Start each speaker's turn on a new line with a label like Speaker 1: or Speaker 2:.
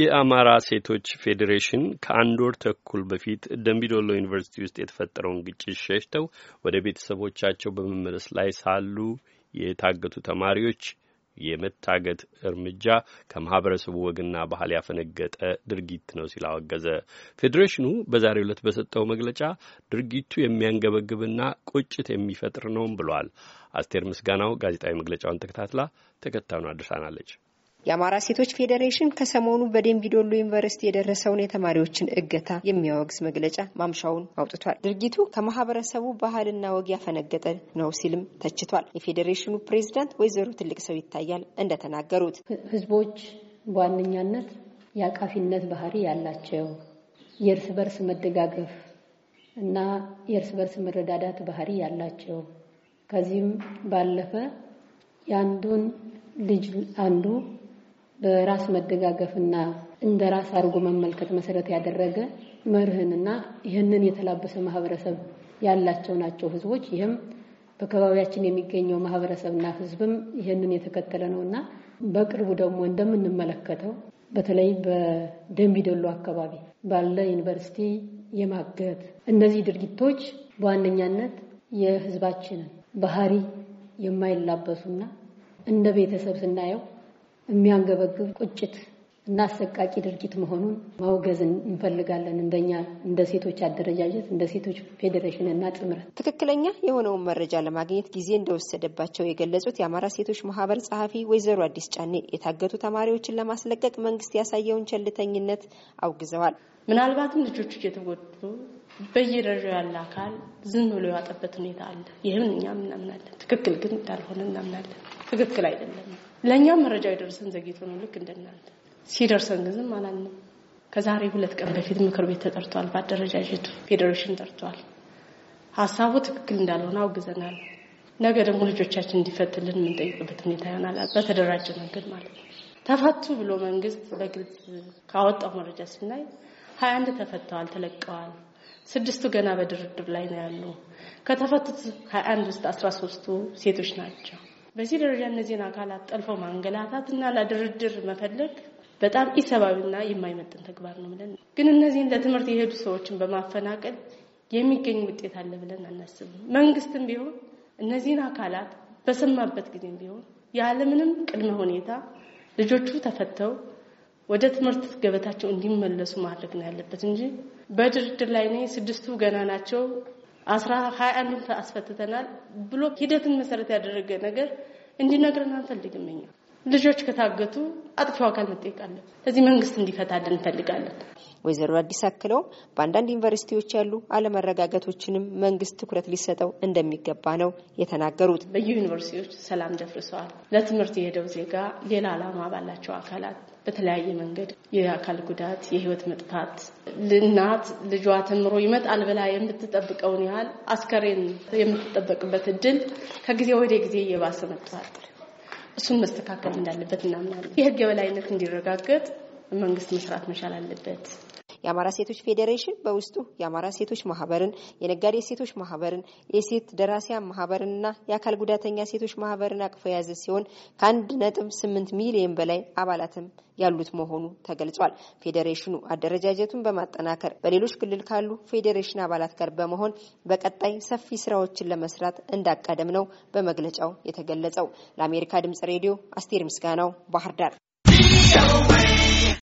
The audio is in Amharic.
Speaker 1: የአማራ ሴቶች ፌዴሬሽን ከአንድ ወር ተኩል በፊት ደምቢዶሎ ዩኒቨርሲቲ ውስጥ የተፈጠረውን ግጭት ሸሽተው ወደ ቤተሰቦቻቸው በመመለስ ላይ ሳሉ የታገቱ ተማሪዎች የመታገት እርምጃ ከማህበረሰቡ ወግና ባህል ያፈነገጠ ድርጊት ነው ሲል አወገዘ። ፌዴሬሽኑ በዛሬው ዕለት በሰጠው መግለጫ ድርጊቱ የሚያንገበግብና ቁጭት የሚፈጥር ነውም ብሏል። አስቴር ምስጋናው ጋዜጣዊ መግለጫውን ተከታትላ ተከታዩን አድርሳናለች።
Speaker 2: የአማራ ሴቶች ፌዴሬሽን ከሰሞኑ በደምቢዶሎ ዩኒቨርሲቲ የደረሰውን የተማሪዎችን እገታ የሚያወግዝ መግለጫ ማምሻውን አውጥቷል። ድርጊቱ ከማህበረሰቡ ባህልና ወግ ያፈነገጠ ነው ሲልም ተችቷል። የፌዴሬሽኑ ፕሬዚዳንት ወይዘሮ ትልቅ ሰው ይታያል እንደተናገሩት
Speaker 3: ህዝቦች በዋነኛነት የአቃፊነት ባህሪ ያላቸው የእርስ በርስ መደጋገፍ እና የእርስ በርስ መረዳዳት ባህሪ ያላቸው ከዚህም ባለፈ የአንዱን ልጅ አንዱ በራስ መደጋገፍና እንደ ራስ አድርጎ መመልከት መሰረት ያደረገ መርህንና ይህንን የተላበሰ ማህበረሰብ ያላቸው ናቸው ህዝቦች። ይህም በአካባቢያችን የሚገኘው ማህበረሰብና ህዝብም ይህንን የተከተለ ነው እና በቅርቡ ደግሞ እንደምንመለከተው በተለይ በደንቢደሎ አካባቢ ባለ ዩኒቨርሲቲ የማገት እነዚህ ድርጊቶች በዋነኛነት የህዝባችንን ባህሪ የማይላበሱና እንደ ቤተሰብ ስናየው የሚያንገበግብ ቁጭት እና አሰቃቂ ድርጊት መሆኑን ማውገዝ እንፈልጋለን። እንደኛ እንደ ሴቶች አደረጃጀት እንደ ሴቶች ፌዴሬሽን እና ጥምረት
Speaker 2: ትክክለኛ የሆነውን መረጃ ለማግኘት ጊዜ እንደወሰደባቸው የገለጹት የአማራ ሴቶች ማህበር ጸሐፊ ወይዘሮ አዲስ ጫኔ የታገቱ ተማሪዎችን ለማስለቀቅ መንግስት ያሳየውን ቸልተኝነት አውግዘዋል። ምናልባትም ልጆቹ እየተጎዱ
Speaker 4: በየደረጃው ያለ አካል ዝም ብሎ ያጠበት ሁኔታ አለ። ይህም እኛ እናምናለን፣ ትክክል ግን እንዳልሆነ እናምናለን። ትክክል አይደለም። ለእኛም መረጃ የደረሰን ዘግይቶ ነው፣ ልክ እንደናንተ ሲደርሰን ግን ዝም አላልንም። ከዛሬ ሁለት ቀን በፊት ምክር ቤት ተጠርቷል። በአደረጃጀቱ ፌዴሬሽን ጠርቷል። ሀሳቡ ትክክል እንዳልሆነ አውግዘናል። ነገ ደግሞ ልጆቻችን እንዲፈትልን የምንጠይቅበት ሁኔታ ይሆናል። በተደራጀ መንገድ ማለት ነው። ተፈቱ ብሎ መንግስት በግልጽ ካወጣው መረጃ ስናይ ሀያ አንድ ተፈተዋል፣ ተለቀዋል። ስድስቱ ገና በድርድር ላይ ነው ያሉ። ከተፈቱት ሀያ አንድ ውስጥ አስራ ሶስቱ ሴቶች ናቸው። በዚህ ደረጃ እነዚህን አካላት ጠልፎ ማንገላታት እና ለድርድር መፈለግ በጣም ኢሰብአዊና የማይመጥን ተግባር ነው ብለን ግን እነዚህን ለትምህርት የሄዱ ሰዎችን በማፈናቀል የሚገኝ ውጤት አለ ብለን አናስብም። መንግስትም ቢሆን እነዚህን አካላት በሰማበት ጊዜም ቢሆን ያለምንም ቅድመ ሁኔታ ልጆቹ ተፈተው ወደ ትምህርት ገበታቸው እንዲመለሱ ማድረግ ነው ያለበት እንጂ በድርድር ላይ እኔ ስድስቱ ገና ናቸው አስራ ሀያ አንድም አስፈትተናል ብሎ ሂደትን መሰረት ያደረገ ነገር እንዲነግረን አንፈልግም። እኛ ልጆች ከታገቱ አጥፊው አካል መጠየቅ ስለዚህ መንግስት እንዲፈታልን እንፈልጋለን።
Speaker 2: ወይዘሮ አዲስ አክለው በአንዳንድ ዩኒቨርሲቲዎች ያሉ አለመረጋጋቶችንም መንግስት ትኩረት ሊሰጠው እንደሚገባ ነው የተናገሩት። በየዩኒቨርሲቲዎች
Speaker 4: ሰላም ደፍርሰዋል። ለትምህርት የሄደው ዜጋ ሌላ አላማ ባላቸው አካላት በተለያየ መንገድ የአካል ጉዳት፣ የህይወት መጥፋት እናት ልጇ ተምሮ ይመጣል ብላ የምትጠብቀውን ያህል አስከሬን የምትጠበቅበት እድል ከጊዜ ወደ ጊዜ እየባሰ መጥቷል። እሱን መስተካከል እንዳለበት እናምናለን። የህግ የበላይነት እንዲረጋገጥ
Speaker 2: መንግስት መስራት መቻል አለበት። የአማራ ሴቶች ፌዴሬሽን በውስጡ የአማራ ሴቶች ማህበርን፣ የነጋዴ ሴቶች ማህበርን፣ የሴት ደራሲያን ማህበርንና የአካል ጉዳተኛ ሴቶች ማህበርን አቅፎ የያዘ ሲሆን ከአንድ ነጥብ ስምንት ሚሊዮን በላይ አባላትም ያሉት መሆኑ ተገልጿል። ፌዴሬሽኑ አደረጃጀቱን በማጠናከር በሌሎች ክልል ካሉ ፌዴሬሽን አባላት ጋር በመሆን በቀጣይ ሰፊ ስራዎችን ለመስራት እንዳቀደም ነው በመግለጫው የተገለጸው። ለአሜሪካ ድምጽ ሬዲዮ አስቴር ምስጋናው ባህር ዳር